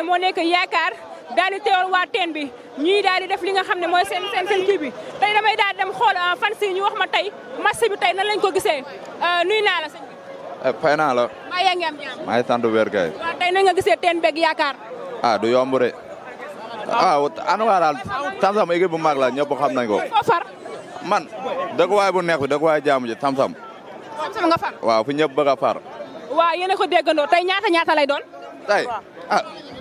ne moo nekk yaakaar daal di teewal waa teen bi ñuy daal di def li nga xam ne mooy seen seen seen kii tey damay daal dem xool ah, fan si ñu wax ma tey match bi tey nan lañ ko gisee ah, nuyu naa la sëñ eh, fay naa la. maa yaa ngi am tey nan nga gisee teen beeg yaakaar. ah du yomb de. ah Anwar ah, daal Tamsam équipe bu mag la ñëpp xam nañ ko. foo far. man dëkkuwaay bu neex bi dëkkuwaay jaamu ji Tamsam. Tamsam fu ñëpp bëgg a far. waaw yéen ko déggandoo tey ñaata ñaata lay doon. tey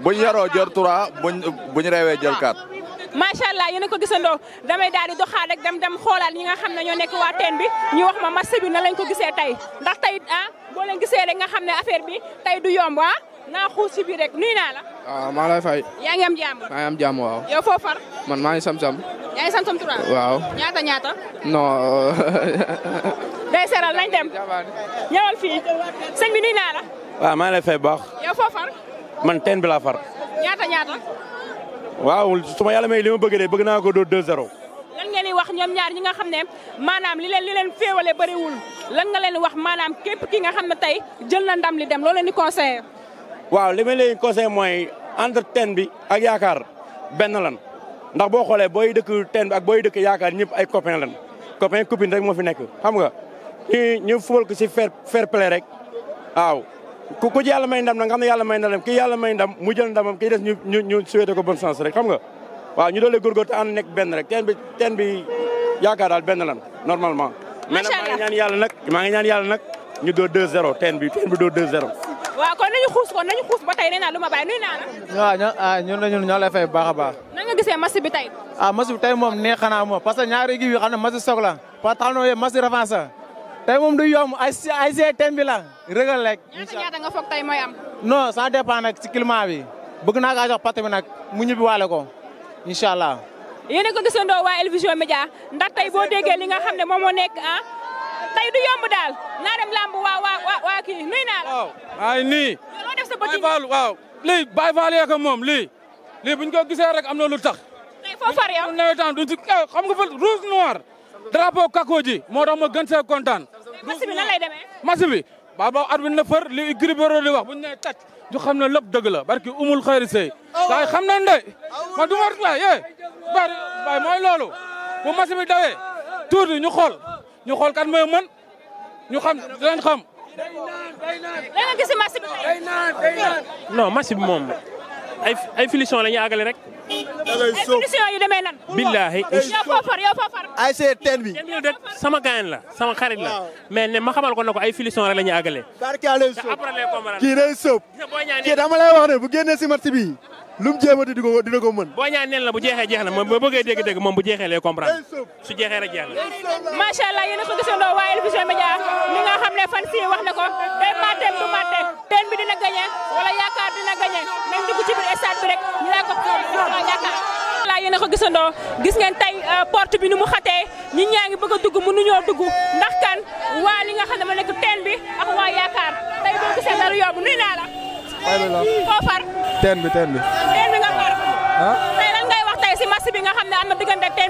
buñ yaroo jël trois buñ reewee jël quatre. macha allah yéen a ko gisandoo damay daal di dem dem xoolaat ñi nga xam ne ñoo nekk waa teen bi ñu wax ma match bi na lañ ko gisee tey ndax tey ah, boo leen gisee rek nga xam ne affaire bi tey du yomb ah naa xuus si rek nuyu naa la. waaw ah, maa lay fay. yaa ngi am jàmm. maa ngi am waaw. yow foo man maa ngi sam-sam. yaa ngi sam-sam trois. waaw ñaata ñaata. non. day seral nañ dem. ñëwal fii sëñ bi nuyu naa la. waaw maa lay fay baax. man teen bi laa far. ñaata ñaata. waaw su ma yàlla may li ma bëgg de bëgg naa ko dóor 2-0. lan ngeen wax ñoom ñaar ñi nga xam ne maanaam li leen li leen féewale lan nga leen wax maanaam képp ki nga xam ne tey jël na ndam li dem loo leen di conseillé. waaw li ma leen conseillé mooy entre teen bi ak yaakaar benn lan ndax boo xoolee booy dëkk teen bi ak booy dëkk yaakaar ñëpp ay copain lan copain copine rek moo fi nekk xam nga ñu ñu fubal ko si fair fair rek waaw. ku ku ci yàlla may ndam na nga xam ne yàlla may ndam ki yàlla may ndam mu jël ndamam kii des ñu ñu ñu ko bonne chance rek xam nga waaw ñu doolee góorgóor te nekk benn rek teen bi teen daal benn lan normalement mais nag maa ñaan yàlla nag maa ngi ñaan yàlla nag ñu doo 2 teen bi teen bi doo 2 0 waaw nañu xuus kon nañu xuus ba tey nee naa lu ma bàyyi naa la waaw ah, ñun ñun ñoo lay fay baax a baax na bi tey ah match moom neex xanaa moom parce que ñaari équipe yi xam ne match soog la parce tey moom du yomb ay si ay si thème bi la rëgal rek. ñaata ñaata nga foog tey mooy am. non ça dépend nag bi bëgg naa kaa jox pàtte bi nag mu ñibbi waale ko incha allah. yéen a ko gisandoo waa El Vision Médias tey boo déggee nga xam ne moom moo nekk ah tey du yomb daal naa dem làmb waa waa waa nuy naa la. ay nii. loo def sa bët yi waaw lii Baye Fall yeeg moom lii. lii bu ko gisee rek am na lu tax. tey foo far yow. nawetaan duñ ci eh, xam nga fa drapeau kakoo ji moo tax ma gën see kontaan. match bi nan lay bi li Gris Bordeaux di wax bu ñu nee tàcc ñu xam ne lépp dëgg la barki umul xayri sey waaye xam nañ de ma du ma yee eh, bari waaye mooy loolu bu match bi dawee tuuti ñu xool ñu xool kan mooy mën ñu xam dinañ xam. lan nga gis match moom. ay ay finition la ñuy àggale rek. ay finition yu demee nan. billaahi ay see teen bi. sama gaañ la sama xarit la. mais ne ma xamal ko ne ko ay finition rek la ñuy àggale. barke Alioune Sow te après les dama lay wax bu génnee si match bi lum mu jéemati di ko dina ko mën. bo ñaan neen la bu jeexee jeex na moom boo dégg-dégg mom bu jeexee lay comprendre su jeexee rek jeex na. sha allah yéen ko gëssé gisandoo waa El Vision Média mi nga xam fan fi wax na ko day màtteem du màtte ten bi dina gagné wala yaakar dina gagné même dugg ci bir stade bi rek ñu lay ko yaakaar. voilà yéen a ko gisandoo gis ngeen tay euh, porte bi nu mu xatee ñi ñaa bëgg dugg mu nu ñoo dugg ndax kan wa li nga xam ne ma nekk teen bi ak wa yaakar tay bo gisee dara yobu ni na la fay la foo far bi teen bi teen bi nga far ah tey lan ngay wax tey si match bi nga xam ne am na diggante teen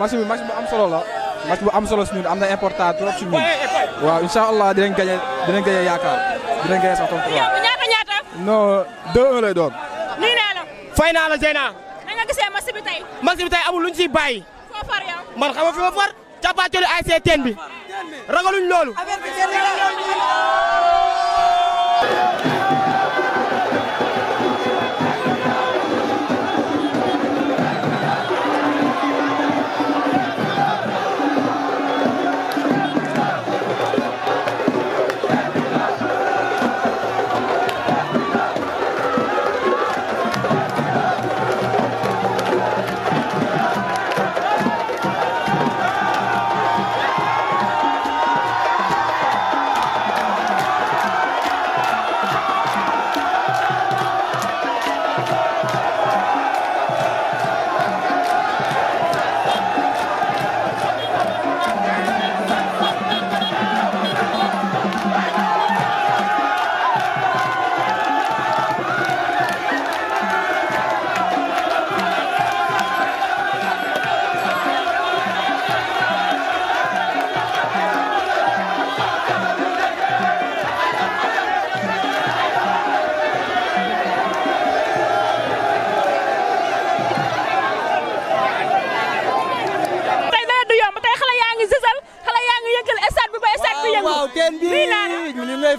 match bi match bu am solo la match bu am solo si ñun am important trop si ñun waaw incha allah dinañ gañe dinañ gañe yaakaar dinañ gañe sax tontu waaw ñaata ñaata non deux lay doon nuyu naa la fay la Zeyna nga gisee match bi tey match bi tey amul luñ far man fi ma far bi ragaluñ loolu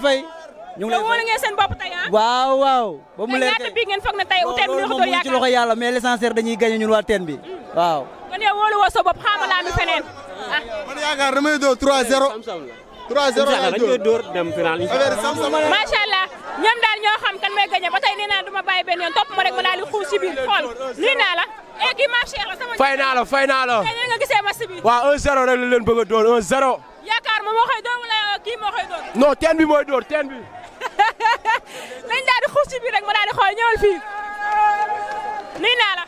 koy fay. ñu ngi lay fay te wóolu ngeen seen ah? waaw waaw. ba mu leer bii ngeen foog ne tey teen bi neexutoon yaakaar ci loxo yàlla mais l'essentiel dañuy gagné ñun waa teen bi mm. waaw. kon yow wóolu woo sa bopp xaamalaa nu ah. feneen ah. man yaakaar damay doon 3-0. 3-0 laay door dem final macha allah ñoom daal ñoo xam kan may gagné ba tey naa du ma bàyyi topp ma rek ma daal di xuus naa la. Eh, fay naa la fay naa la. tey nga gisee match bi. waaw leen bëgg a doon 1 yaakaar moom moo koy dóor wala kii moo koy dóor. non teen bi mooy dóor teen bi. nañ daal di xuus ci biir rek ma daal di naa la.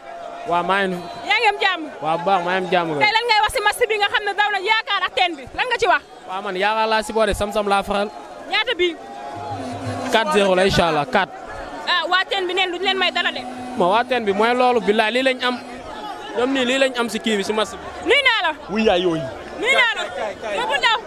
waaw maa ngi. yaa ngi am jàmm. baa bu baax maa ngi am jàmm. tey lan si match bi nga xam ne daw na yaakaar ak teen bi lan nga ci wax. waaw man yaakaar laa si sam-sam laa faral. ñaata bi 4-0 la incha ah, waa teen bi neen duñ leen may dala de. ma waa teen bi mooy loolu billaay lii lañ am ñoom nii lii lañ am si kii bi si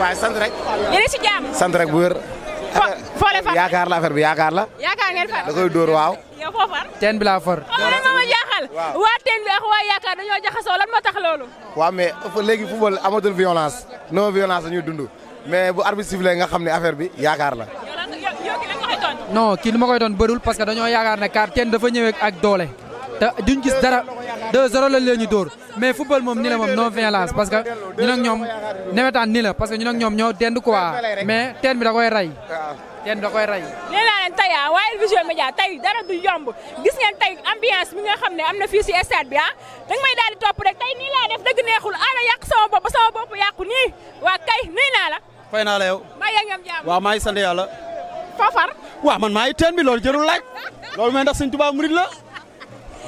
waaye sant rek. yéen a si jàmm. sant rek bu wér. foo leen far yaakaar la affaire bi yaakaar la. yaakaar ngeen far da koy dóor waaw. yow foo far. teen bi laa far. waaw oh, man ma jaaxal. waaw violence non violence la ñuy dund mais bu arbitre sifflé nga xam ne affaire bi yaakaar la. non kii li ma koy doon bërul parce que dañoo yaakaar ne kaar teen te duñ gis dara 2-0 lañ leen ñu dóor mais football moom ni la moom non violence parce que ñun ak ñoom nawetaan ni la parce que ñun ak ñoom ñoo dend quoi mais teen bi da koy rey. teen da koy rey. nee naa leen tey ah waa El Vision Médias tey dara du yomb gis ngeen tey ambiance bi nga xam ne am na fii si bi ah danga may daal di topp laa def dëgg neexul ala ah, yàq sama bopp sama bopp nii waa kay nuyu naa la. fay naa la yow. Fafar. waaw man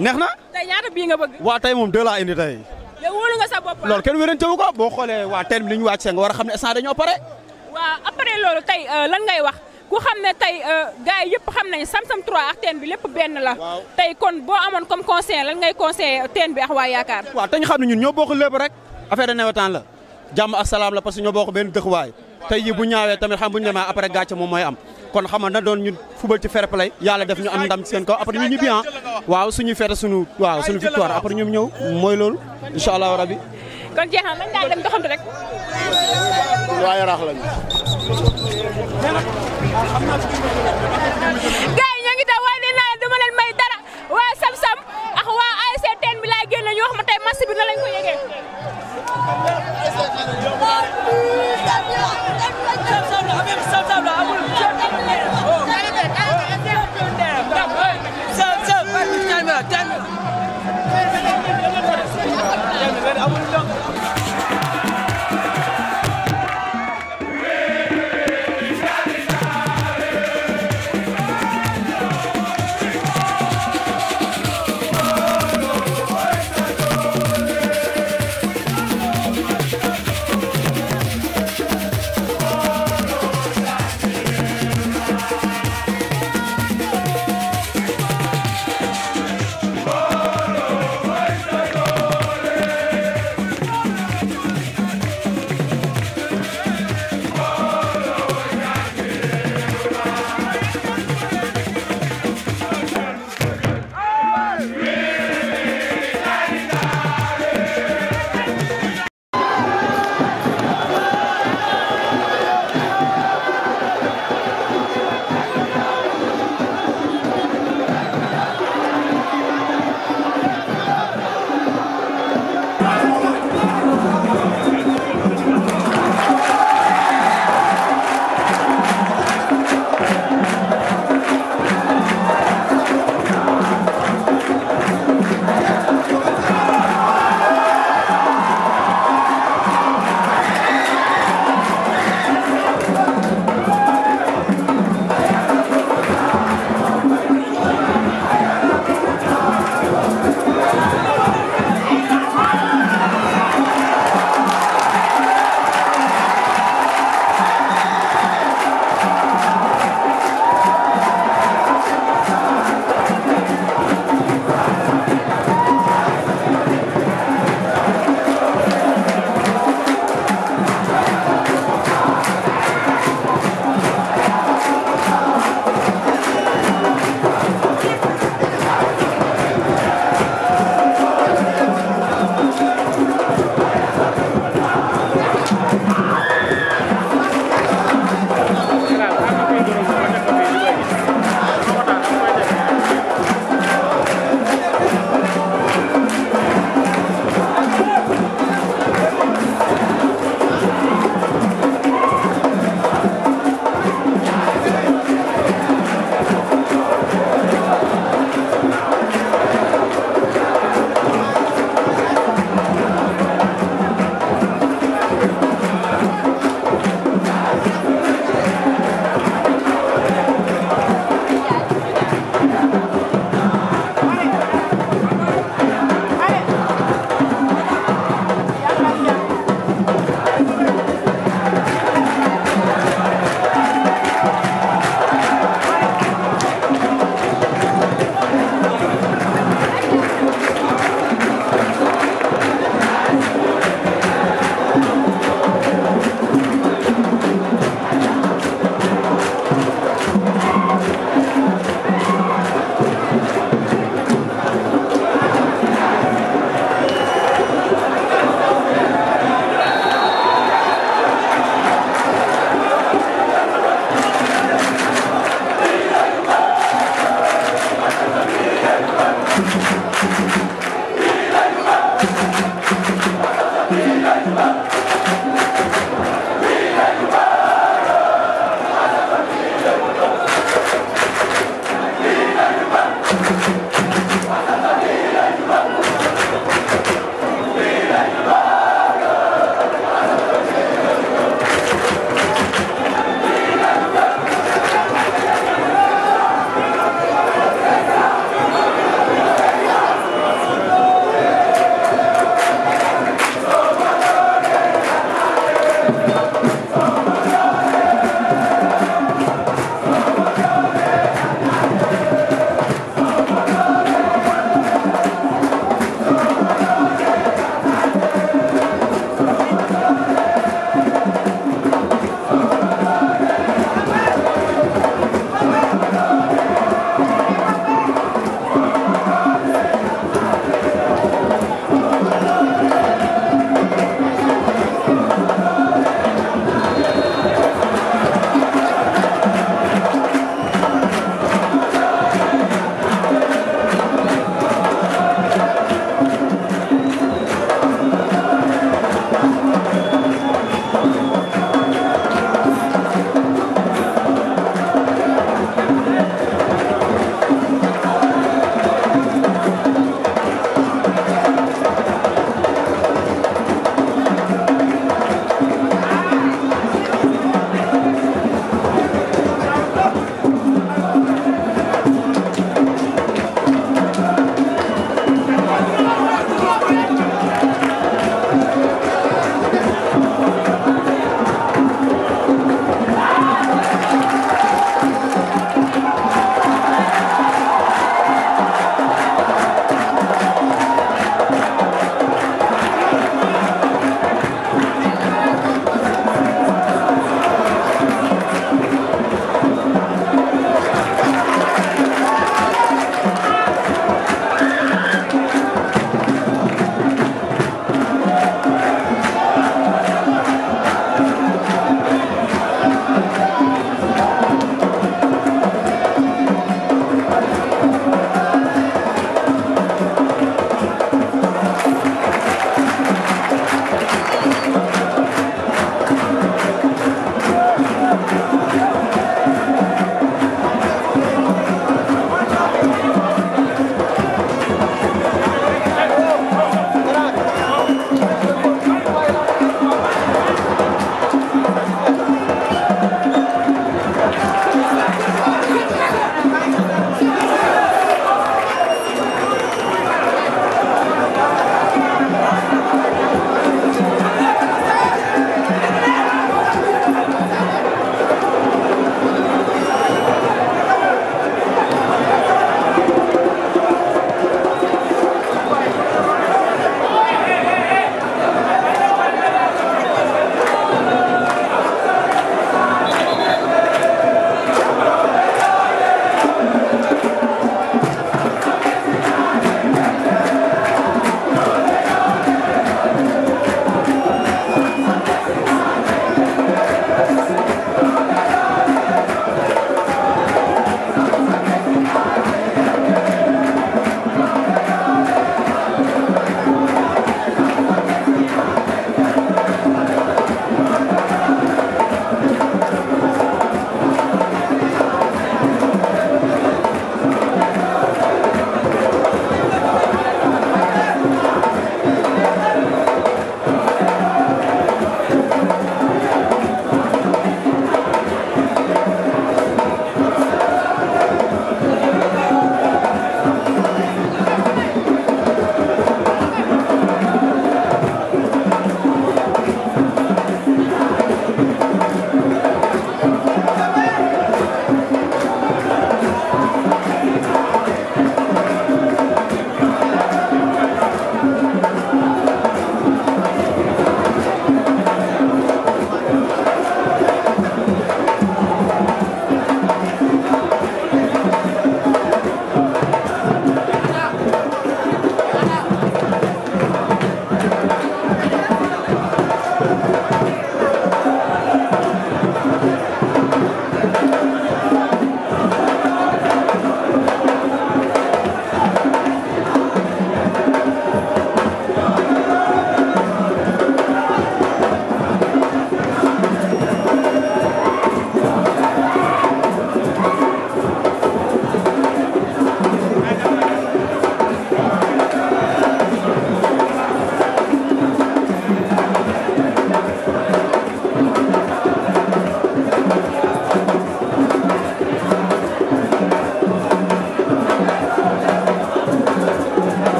neex na. tey ñaata bii nga bëgg. waa tey moom deux laa indi tey. yow wóolu nga sa bopp. Ah? loolu kenn wérante ko boo xoolee waa teen bi li ñu wàcc see nga war a xam ne instant dañoo pare. waa après loolu tey euh, lan ngay wax ku xam ne tey euh, gars yi yëpp xam nañu Samsam 3 ak teen bi lépp benn la. tey kon boo amoon comme conseil lan ngay conseil teen bi ak waa yaakaar. waaw te ñu xam ne ñun ñoo bokk lépp rek affaire de nawetaan la jàmm ak salaam la parce que ñoo bokk benn dëkkuwaay te yi bu ñaawee tamit xam bu ñu demee après gàcce moom mooy am kon xam na doon ñu fubal ci fair play yàlla def ñu am ndam seen kaw après ñu ñibbi ah waaw suñu fête suñu waaw suñu victoire après ñoom ñëw mooy loolu incha allahu rabi. kon jeex na nañ dem doxantu rek. waaye yaraax lañu. gars yi ñoo ngi daw waaye nee naa dama leen may dara waaye sam sam. ndax waa ASC teen bi laay génne ñu wax ma tey match bi na lañ ko yëgee. amul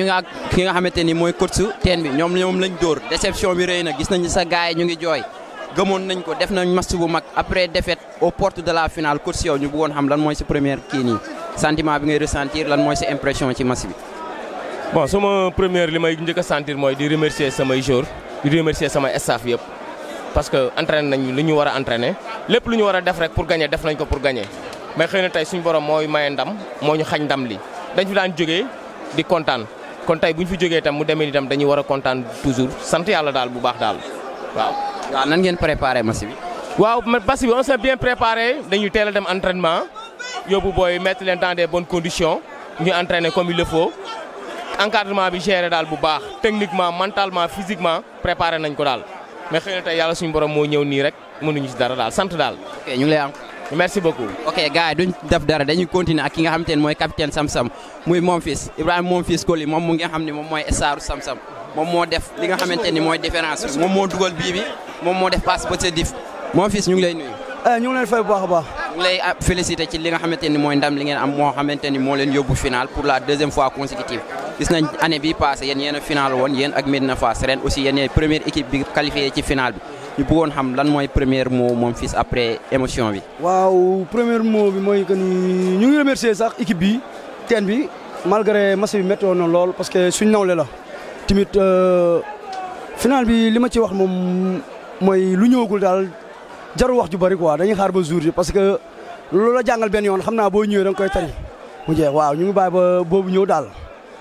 ñu ngi ak ki nga xamanteni ni mooy ten bi ñom ñom lañ door déception bi reyna na gis nañu sa gaay ñu ngi joy gëmon nañ ko def nañ match bu mag après défaite au porte de la finale coach yow ñu won xam lan moy ci première ki ni sentiment bi ngay ressentir lan moy ci impression ci match bi bon sama première limay may sentir moy di remercier sama joueur di remercier sama staff yëpp parce que entraîné nañ li ñu wara entraîner entraîné lépp lu ñu wara def rek pour gagner def nañ ko pour gagner mais xeyna tay suñu borom moy maye ndam ñu ndam li dañ fi daan joggé di kontan. kon tey bu ñu fi jógee itam mu demee itam dañuy war a kontaan toujours sant yàlla daal bu baax daal waaw. waaw nan ngeen préparé match bi. waaw match bi on s'est bien préparé dañuy teel a dem entraînement yóbbu booy mettre leen dans des bonnes conditions ñu entraîner comme il le faut encadrement bi géré daal bu baax techniquement mentalement physiquement préparé nañ ko daal mais xëy na tey yàlla suñu borom moo ñëw nii rek mënuñu ci dara daal sant daal. ok ñu ngi merci beaucoup. ok gars nous def dara continuer capitaine Samsam Sam. mon fils Ibrahima mon fils Koli Mon nga Mon Samsam différence Mon passe Mon fils nous nous. Eh, a baax. ñu Nous, ah, féliciter nous. li nous nous. Nous ndam li nous, final pour la deuxième fois consécutive nous, nous année bi passé nous, final aussi première équipe qualifiée ñu bëggoon xam lan premier mot mon fils après émotion bi. waaw premier mot bi que remercier sax équipe malgré masse bi parce que suñ la. Euh, final bi li ma ci wax lu wax ju bari parce que je la jàngal benn yoon xam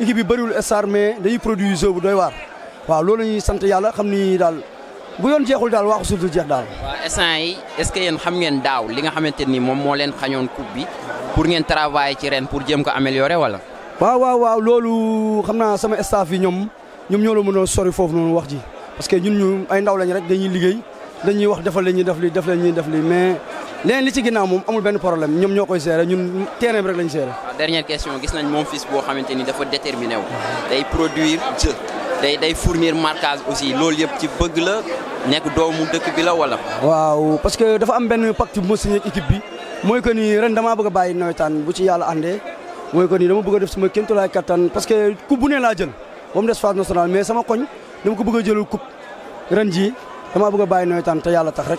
équipe bi bëriwul star mais dañuy produit jeu bu doy waar waaw loolu la ñuy sant yàlla xam ni daal bu yoon jeexul daal waaxu suuf du jeex daal. waaw instant yi est-ce que yéen xam ngeen daaw li nga xamante ni moom moo leen xañoon coupe bi pour ngeen travailler ci ren pour jéem ko améliorer wala. waaw waaw waaw loolu xam naa sama staff yi ñoom ñoom ñoo la mën a sori foofu noonu wax ji parce que ñun ñu ay ndaw lañ rek dañuy liggéey dañuy wax defal la ñuy def li def la ñuy def li mais. leneen li ci ginnaaw moom amul benn problème ñoom ñoo koy gérer ñun terrain bi rek lañ gérer. waaw ah, dernière gis nañ moom fils boo xamante ni dafa déterminé wu. day produire jeu day day fournir marquage aussi loolu yëpp ci bëgg la nekk doomu dëkk bi la wala. waaw parce que dafa am benn pacte bu ma signé ak équipe bi mooy que ni ren damaa bëgg a bàyyi nawetaan bu ci yàlla àndee mooy que ni dama bëgg a def sama kéemtulaay kattan parce que coupe bu ne laa jël ba mu des phase nationale mais sama koñ dama ko bëgg a jëlul ren jii damaa bëgg bàyyi nawetaan te yàlla tax rek.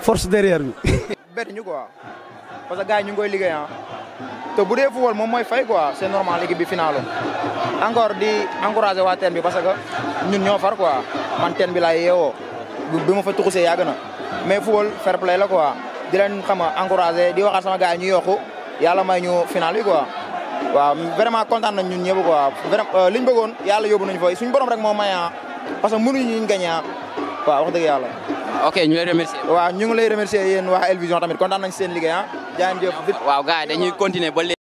force derrière bi. ben ñu quoi parce que gars ñu ngoy koy liggéey ah te bu dee football mom moy fay quoi c'est normal ligue bi final encore di encourager wa teen bi parce que ñun ño far quoi man teen bi laay yéwo bi ma fa tuxusee yag na mais football fair play la quoi di len xama encourager di waxa sama gaay ñu yoxu yalla may ñu final yi quoi. waaw vraiment kontaan na ñun ñëpp quoi vraiment euh, liñ bëggoon yàlla yóbbu nañu fa suñu borom rek moo may ah parce que mënuñu ñu gagné ah wax dëgg yàlla. ok ñu lay remercier. waaw ñu ngi lay remercier yéen waa El Vision tamit kontaan nañ seen liggéey ah. jaajëf waaw gars dañuy continuer ba